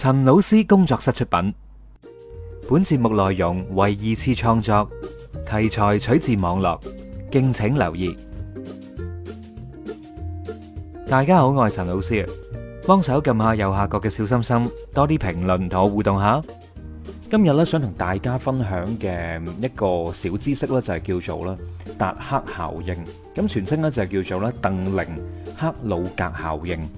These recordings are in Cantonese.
陳老師工作室出品，本節目內容為二次創作，題材取自網絡，敬請留意。大家好，我係陳老師，幫手撳下右下角嘅小心心，多啲評論同我互動下。今日咧想同大家分享嘅一個小知識咧，就係叫做啦達克效應，咁全稱咧就係叫做咧鄧寧克魯格效應。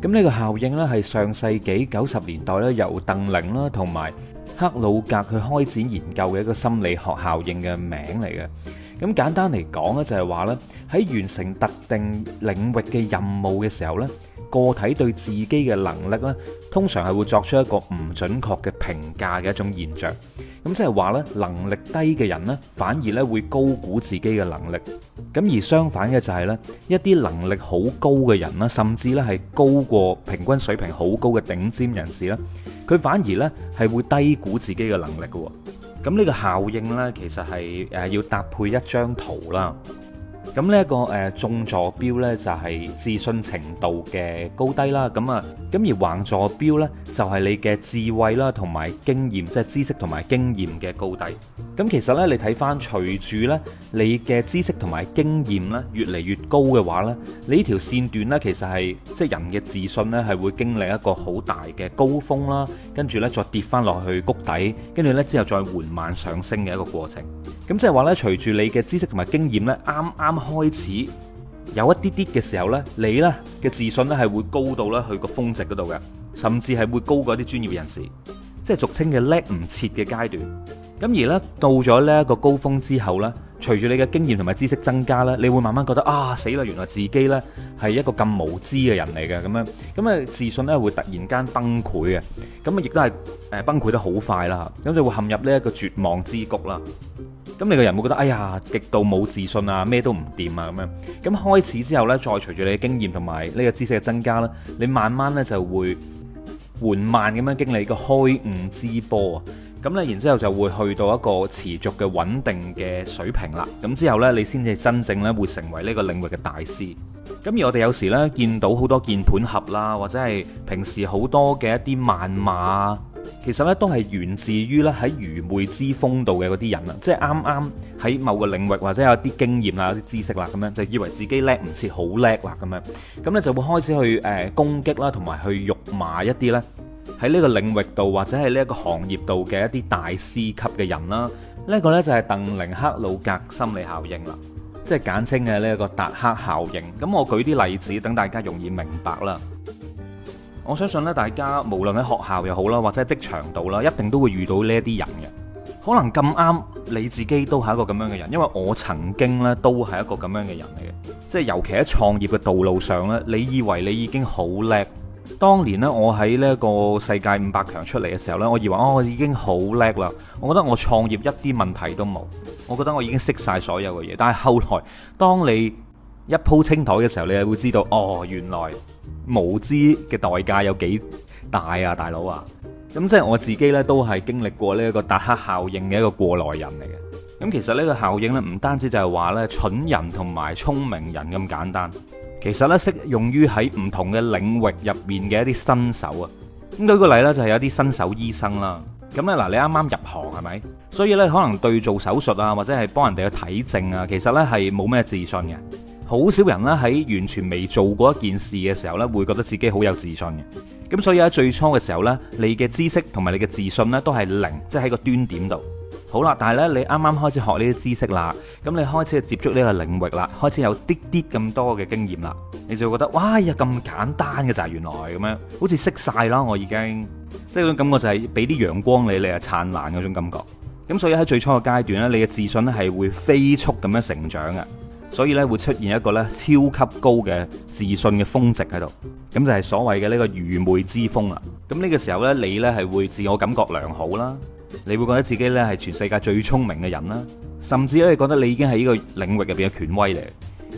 咁呢個效應呢，係上世紀九十年代呢由鄧寧啦同埋克魯格去開展研究嘅一個心理學效應嘅名嚟嘅。咁簡單嚟講咧，就係話咧，喺完成特定領域嘅任務嘅時候咧，個體對自己嘅能力咧，通常係會作出一個唔準確嘅評價嘅一種現象。咁即係話咧，能力低嘅人咧，反而咧會高估自己嘅能力。咁而相反嘅就係咧，一啲能力好高嘅人咧，甚至咧係高過平均水平好高嘅頂尖人士咧，佢反而咧係會低估自己嘅能力嘅。咁呢個效應呢，其實係誒要搭配一張圖啦。咁呢一個誒縱坐標呢，就係自信程度嘅高低啦，咁啊，咁而橫坐標呢，就係你嘅智慧啦同埋經驗，即係知識同埋經驗嘅高低。咁其實呢，你睇翻，隨住呢，你嘅知識同埋經驗呢，越嚟越高嘅話呢，你呢條線段呢，其實係即係人嘅自信呢，係會經歷一個好大嘅高峰啦，跟住呢，再跌翻落去谷底，跟住呢，之後再緩慢上升嘅一個過程。咁即係話呢，隨住你嘅知識同埋經驗呢，啱啱，開始有一啲啲嘅時候呢，你呢嘅自信呢係會高到呢去個峰值嗰度嘅，甚至係會高過啲專業人士，即係俗稱嘅叻唔切嘅階段。咁而呢，到咗呢一個高峰之後呢，隨住你嘅經驗同埋知識增加呢，你會慢慢覺得啊死啦！原來自己呢係一個咁無知嘅人嚟嘅，咁樣咁啊自信呢會突然間崩潰嘅，咁啊亦都係誒崩潰得好快啦，咁就會陷入呢一個絕望之谷啦。咁你個人會覺得哎呀，極度冇自信啊，咩都唔掂啊咁樣。咁開始之後呢，再隨住你嘅經驗同埋呢個知識嘅增加呢，你慢慢呢就會緩慢咁樣經歷一個開悟之波啊。咁呢，然之後就會去到一個持續嘅穩定嘅水平啦。咁之後呢，你先至真正呢會成為呢個領域嘅大師。咁而我哋有時呢，見到好多鍵盤俠啦，或者係平時好多嘅一啲謾罵。其實咧都係源自於咧喺愚昧之風度嘅嗰啲人啦，即係啱啱喺某個領域或者有啲經驗啦、有啲知識啦咁樣，就以為自己叻唔切，好叻啦咁樣，咁咧就會開始去誒、呃、攻擊啦，同埋去辱罵一啲咧喺呢個領域度或者係呢一個行業度嘅一啲大師級嘅人啦。這個、呢一個咧就係鄧寧克魯格心理效應啦，即係簡稱嘅呢一個達克效應。咁我舉啲例子，等大家容易明白啦。我相信咧，大家無論喺學校又好啦，或者喺職場度啦，一定都會遇到呢一啲人嘅。可能咁啱你自己都係一個咁樣嘅人，因為我曾經咧都係一個咁樣嘅人嚟嘅。即係尤其喺創業嘅道路上咧，你以為你已經好叻。當年咧，我喺呢個世界五百強出嚟嘅時候咧，我以為哦，我已經好叻啦。我覺得我創業一啲問題都冇，我覺得我已經識晒所有嘅嘢。但係後來，當你一鋪清台嘅時候，你係會知道哦，原來無知嘅代價有幾大啊，大佬啊！咁即係我自己呢都係經歷過呢一個達克效應嘅一個過來人嚟嘅。咁其實呢個效應呢，唔單止就係話呢蠢人同埋聰明人咁簡單，其實呢適用於喺唔同嘅領域入面嘅一啲新手啊。咁舉個例呢就係有啲新手醫生啦。咁咧嗱，你啱啱入行係咪？所以呢可能對做手術啊，或者係幫人哋去睇症啊，其實呢係冇咩自信嘅。好少人咧喺完全未做過一件事嘅時候咧，會覺得自己好有自信嘅。咁所以喺最初嘅時候咧，你嘅知識同埋你嘅自信咧都係零，即係喺個端點度。好啦，但係咧你啱啱開始學呢啲知識啦，咁你開始去接觸呢個領域啦，開始有啲啲咁多嘅經驗啦，你就會覺得哇、哎、呀咁簡單嘅咋？原來咁樣，好似識晒啦我已經，即係嗰種感覺就係俾啲陽光你，你就燦爛嗰種感覺。咁所以喺最初嘅階段咧，你嘅自信係會飛速咁樣成長嘅。所以咧，會出現一個咧超級高嘅自信嘅峰值喺度，咁就係、是、所謂嘅呢個愚昧之風啦。咁、這、呢個時候呢，你呢係會自我感覺良好啦，你會覺得自己呢係全世界最聰明嘅人啦，甚至咧覺得你已經係呢個領域入邊嘅權威嚟。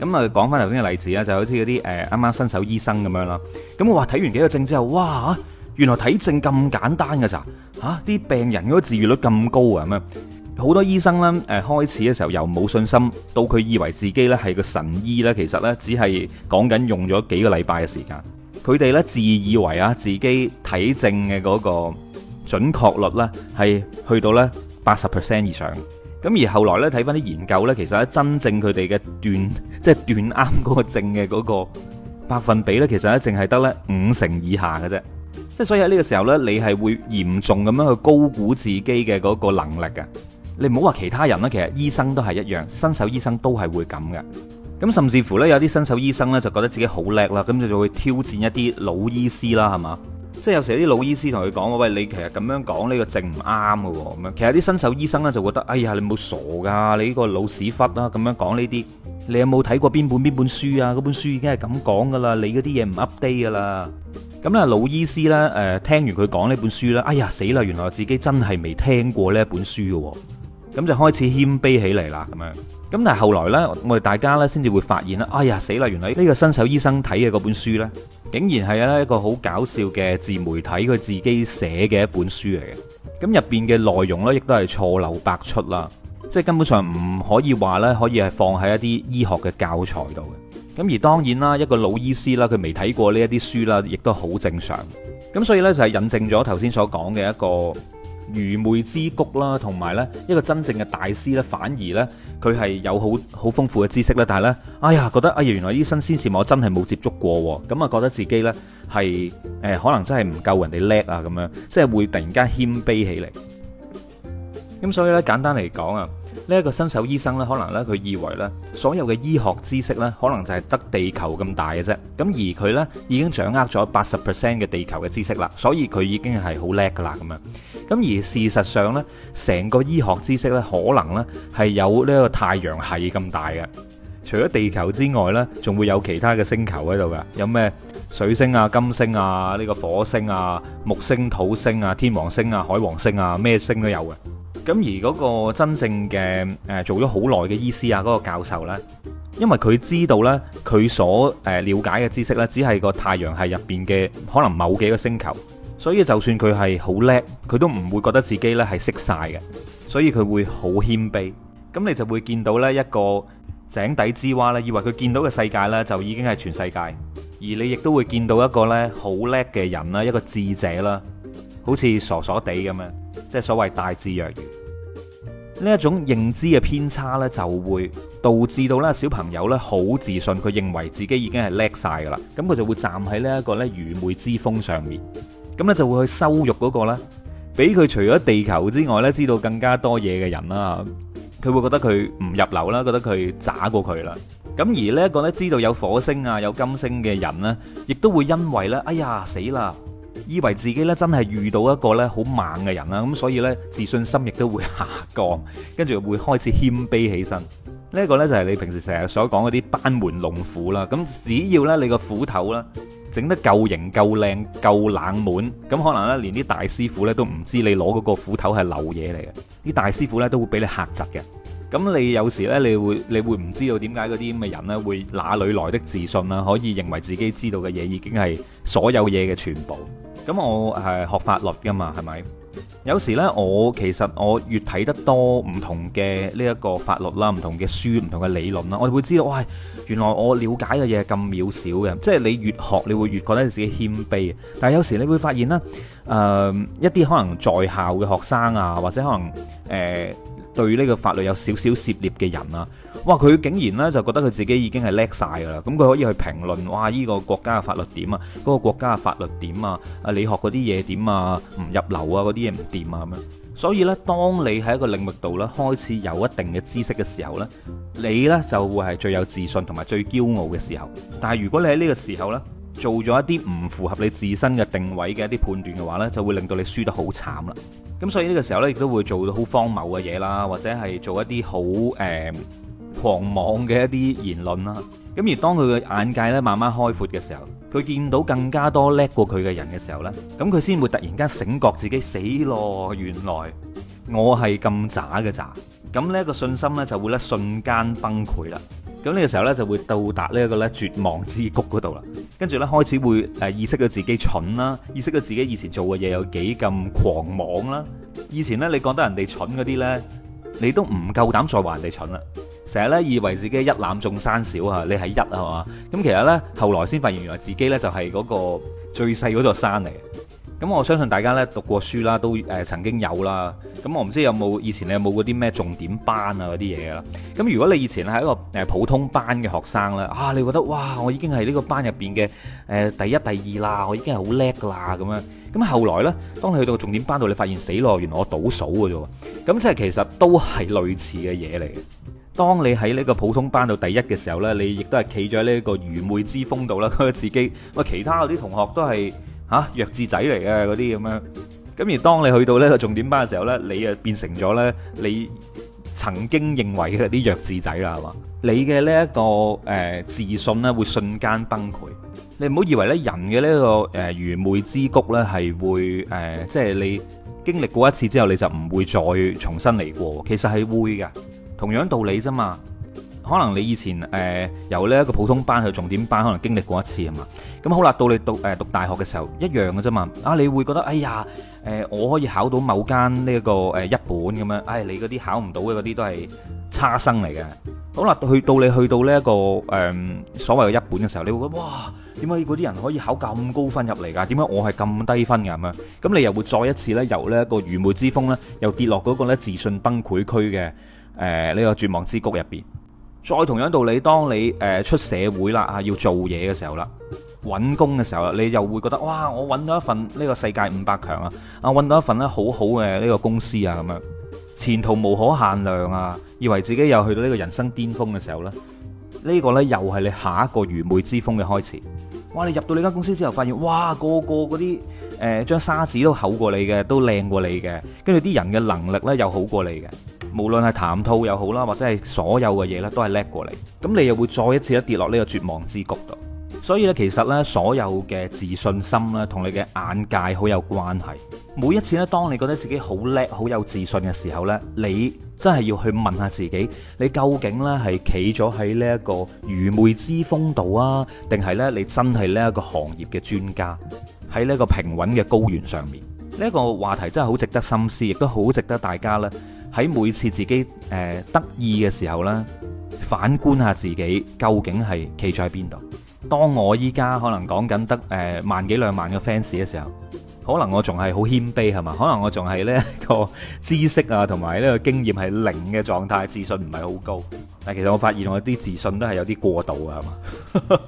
咁啊，講翻頭先嘅例子啊，就好似嗰啲誒啱啱新手醫生咁樣啦。咁我話睇完幾個症之後，哇，原來睇症咁簡單㗎咋吓，啲、啊、病人嗰個治愈率咁高啊咁樣好多醫生咧，誒開始嘅時候又冇信心，到佢以為自己咧係個神醫咧，其實咧只係講緊用咗幾個禮拜嘅時間。佢哋咧自以為啊自己睇症嘅嗰個準確率咧係去到咧八十 percent 以上。咁而後來咧睇返啲研究咧，其實咧真正佢哋嘅斷即係、就是、斷啱嗰個症嘅嗰個百分比咧，其實咧淨係得咧五成以下嘅啫。即係所以喺呢個時候咧，你係會嚴重咁樣去高估自己嘅嗰個能力嘅。你唔好話其他人啦，其實醫生都係一樣，新手醫生都係會咁嘅。咁甚至乎呢，有啲新手醫生呢，就覺得自己好叻啦，咁就就會挑戰一啲老醫師啦，係嘛？即係有時啲老醫師同佢講喂，你其實咁樣講呢、這個症唔啱嘅喎。咁其實啲新手醫生呢，就覺得：哎呀，你冇傻㗎，你呢個老屎忽啦咁樣講呢啲。你有冇睇過邊本邊本書啊？嗰本書已經係咁講㗎啦，你嗰啲嘢唔 update 㗎啦。咁咧老醫師呢，誒聽完佢講呢本書啦，哎呀死啦！原來我自己真係未聽過呢一本書嘅喎。咁就開始謙卑起嚟啦，咁樣。咁但係後來呢，我哋大家呢先至會發現啦，哎呀死啦！原來呢個新手醫生睇嘅嗰本書呢，竟然係呢一個好搞笑嘅自媒體佢自己寫嘅一本書嚟嘅。咁入邊嘅內容呢，亦都係錯漏百出啦，即係根本上唔可以話呢可以係放喺一啲醫學嘅教材度嘅。咁而當然啦，一個老醫師啦，佢未睇過呢一啲書啦，亦都好正常。咁所以呢，就係引證咗頭先所講嘅一個愚昧之谷啦，同埋呢一個真正嘅大師呢，反而呢，佢係有好好豐富嘅知識啦。但係呢，哎呀，覺得啊、哎，原來呢新鮮事物我真係冇接觸過，咁啊，覺得自己呢，係、呃、可能真係唔夠人哋叻啊，咁樣，即係會突然間謙卑起嚟。咁所以呢，簡單嚟講啊。呢一個新手醫生呢，可能呢佢以為呢，所有嘅醫學知識呢，可能就係得地球咁大嘅啫。咁而佢呢已經掌握咗八十 percent 嘅地球嘅知識啦，所以佢已經係好叻噶啦咁啊。咁而事實上呢，成個醫學知識呢，可能呢係有呢個太陽系咁大嘅。除咗地球之外呢，仲會有其他嘅星球喺度噶。有咩？水星啊、金星啊、呢個火星啊、木星、土星啊、天王星啊、海王星啊，咩星都有嘅。咁而嗰個真正嘅誒做咗好耐嘅醫師啊，嗰個教授呢，因為佢知道呢，佢所誒了解嘅知識呢，只係個太陽系入邊嘅可能某幾個星球，所以就算佢係好叻，佢都唔會覺得自己呢係識晒嘅，所以佢會好謙卑。咁你就會見到呢一個井底之蛙呢，以為佢見到嘅世界呢，就已經係全世界。而你亦都會見到一個咧，好叻嘅人啦，一個智者啦，好似傻傻地咁樣，即係所謂大智若愚。呢一種認知嘅偏差咧，就會導致到咧，小朋友咧好自信，佢認為自己已經係叻晒噶啦，咁佢就會站喺呢一個咧愚昧之風上面，咁咧就會去羞辱嗰個咧，俾佢除咗地球之外咧知道更加多嘢嘅人啦，佢會覺得佢唔入流啦，覺得佢渣過佢啦。咁而呢一個咧，知道有火星啊，有金星嘅人咧，亦都會因為咧，哎呀死啦，以為自己咧真係遇到一個咧好猛嘅人呀，咁所以咧自信心亦都會下降，跟住會開始謙卑起身。呢一個咧就係你平時成日所講嗰啲班門弄斧啦。咁只要咧你個斧頭咧整得夠型夠靚夠冷門，咁可能咧連啲大師傅咧都唔知你攞嗰個斧頭係流嘢嚟嘅，啲大師傅咧都會俾你嚇窒嘅。咁你有時呢，你會你會唔知道點解嗰啲咁嘅人呢，會哪裏來的自信啦？可以認為自己知道嘅嘢已經係所有嘢嘅全部。咁我係學法律㗎嘛，係咪？有時呢，我其實我越睇得多唔同嘅呢一個法律啦，唔同嘅書，唔同嘅理論啦，我會知道，哇！原來我瞭解嘅嘢係咁渺小嘅，即係你越學，你會越覺得自己謙卑。但係有時你會發現呢，誒一啲可能在校嘅學生啊，或者可能誒。對呢個法律有點少少涉獵嘅人啊，哇！佢竟然呢就覺得佢自己已經係叻晒噶啦，咁佢可以去評論，哇！呢、這個國家嘅法律點啊，嗰、那個國家嘅法律點啊，啊！你學嗰啲嘢點啊，唔入流啊，嗰啲嘢唔掂啊咁樣。所以呢，當你喺一個領域度呢，開始有一定嘅知識嘅時候呢，你呢就會係最有自信同埋最驕傲嘅時候。但係如果你喺呢個時候呢……做咗一啲唔符合你自身嘅定位嘅一啲判斷嘅話呢，就會令到你輸得好慘啦。咁所以呢個時候呢，亦都會做到好荒謬嘅嘢啦，或者係做一啲好誒狂妄嘅一啲言論啦。咁而當佢嘅眼界呢慢慢開闊嘅時候，佢見到更加多叻過佢嘅人嘅時候呢，咁佢先會突然間醒覺自己死咯，原來我係咁渣嘅咋。咁呢個信心呢就會咧瞬間崩潰啦。咁呢個時候呢，就會到達呢一個絕望之谷嗰度啦，跟住呢，開始會誒意識到自己蠢啦，意識到自己以前做嘅嘢有幾咁狂妄啦，以前呢，你覺得人哋蠢嗰啲呢，你都唔夠膽再話人哋蠢啦，成日呢，以為自己一覽眾山小啊，你係一係嘛，咁其實呢，後來先發現原來自己呢，就係嗰個最細嗰座山嚟。咁、嗯、我相信大家咧讀過書啦，都誒、呃、曾經有啦。咁、嗯、我唔知有冇以前你有冇嗰啲咩重點班啊嗰啲嘢啦。咁、嗯、如果你以前係一個、呃、普通班嘅學生啦，啊你覺得哇，我已經係呢個班入面嘅、呃、第一第二啦，我已經係好叻噶啦咁樣，咁、嗯、後來呢，當你去到重點班度，你發現死咯，原來我倒數㗎啫喎。咁即係其實都係類似嘅嘢嚟嘅。當你喺呢個普通班度第一嘅時候呢，你亦都係企咗喺呢一個愚昧之峰度啦，佢自己喂其他嗰啲同學都係。吓，弱智仔嚟嘅嗰啲咁樣，咁而當你去到呢個重點班嘅時候呢，你啊變成咗呢你曾經認為嘅啲弱智仔啦，係嘛？你嘅呢一個誒自信呢會瞬間崩潰。你唔好以為呢人嘅呢個誒愚昧之谷呢係會誒，即係你經歷過一次之後你就唔會再重新嚟過。其實係會嘅，同樣道理啫嘛。可能你以前誒、呃、由呢一個普通班去重點班，可能經歷過一次啊嘛。咁好啦，到你讀、呃、讀大學嘅時候一樣嘅啫嘛。啊，你會覺得哎呀、呃、我可以考到某間呢、一個、呃、一本咁樣。唉、哎，你嗰啲考唔到嘅嗰啲都係差生嚟嘅。好啦，去到你去到呢、這、一個、呃、所謂嘅一本嘅時候，你會覺得哇，點解嗰啲人可以考咁高分入嚟㗎？點解我係咁低分㗎咁樣？咁你又會再一次咧由呢一個愚昧之峰咧，又跌落嗰個咧自信崩潰區嘅誒呢個絕望之谷入邊。再同樣道理，當你誒出社會啦啊，要做嘢嘅時候啦，揾工嘅時候啦，你又會覺得哇，我揾到一份呢個世界五百強啊，啊揾到一份呢好好嘅呢個公司啊，咁樣前途無可限量啊，以為自己又去到呢個人生巔峰嘅時候、呢個、呢，呢個呢又係你下一個愚昧之峰嘅開始。哇！你入到呢間公司之後，發現哇個個嗰啲誒張沙紙都厚過你嘅，都靚過你嘅，跟住啲人嘅能力呢又好過你嘅。無論係談吐又好啦，或者係所有嘅嘢咧，都係叻過你，咁你又會再一次跌落呢個絕望之谷度。所以呢，其實呢，所有嘅自信心咧，同你嘅眼界好有關係。每一次呢，當你覺得自己好叻、好有自信嘅時候呢，你真係要去問下自己，你究竟呢係企咗喺呢一個愚昧之峰度啊，定係呢？你真係呢一個行業嘅專家喺呢個平穩嘅高原上面？呢一個話題真係好值得深思，亦都好值得大家咧喺每次自己誒得意嘅時候咧，反觀下自己究竟係企在邊度？當我依家可能講緊得誒萬幾兩萬嘅 fans 嘅時候，可能我仲係好謙卑係嘛？可能我仲係呢個知識啊同埋呢個經驗係零嘅狀態，自信唔係好高，但其實我發現我啲自信都係有啲過度啊，係嘛？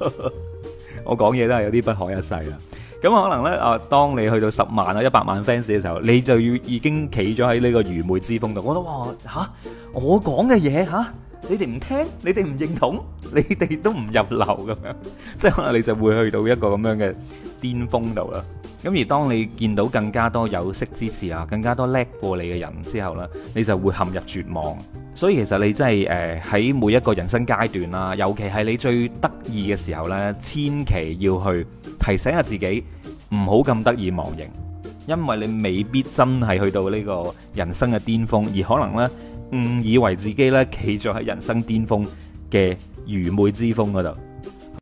我講嘢都係有啲不可一世啦～咁可能咧啊，當你去到十萬啊、一百萬 fans 嘅時候，你就要已經企咗喺呢個愚昧之峰度。我覺得哇嚇，我講嘅嘢嚇，你哋唔聽，你哋唔認同，你哋都唔入流咁樣，即 係可能你就會去到一個咁樣嘅巔峰度啦。咁而當你見到更加多有識之士啊，更加多叻過你嘅人之後咧，你就會陷入絕望。所以其實你真係誒喺每一個人生階段啦，尤其係你最得意嘅時候呢，千祈要去提醒下自己，唔好咁得意忘形，因為你未必真係去到呢個人生嘅巔峰，而可能呢，誤以為自己呢企咗喺人生巔峰嘅愚昧之峰嗰度。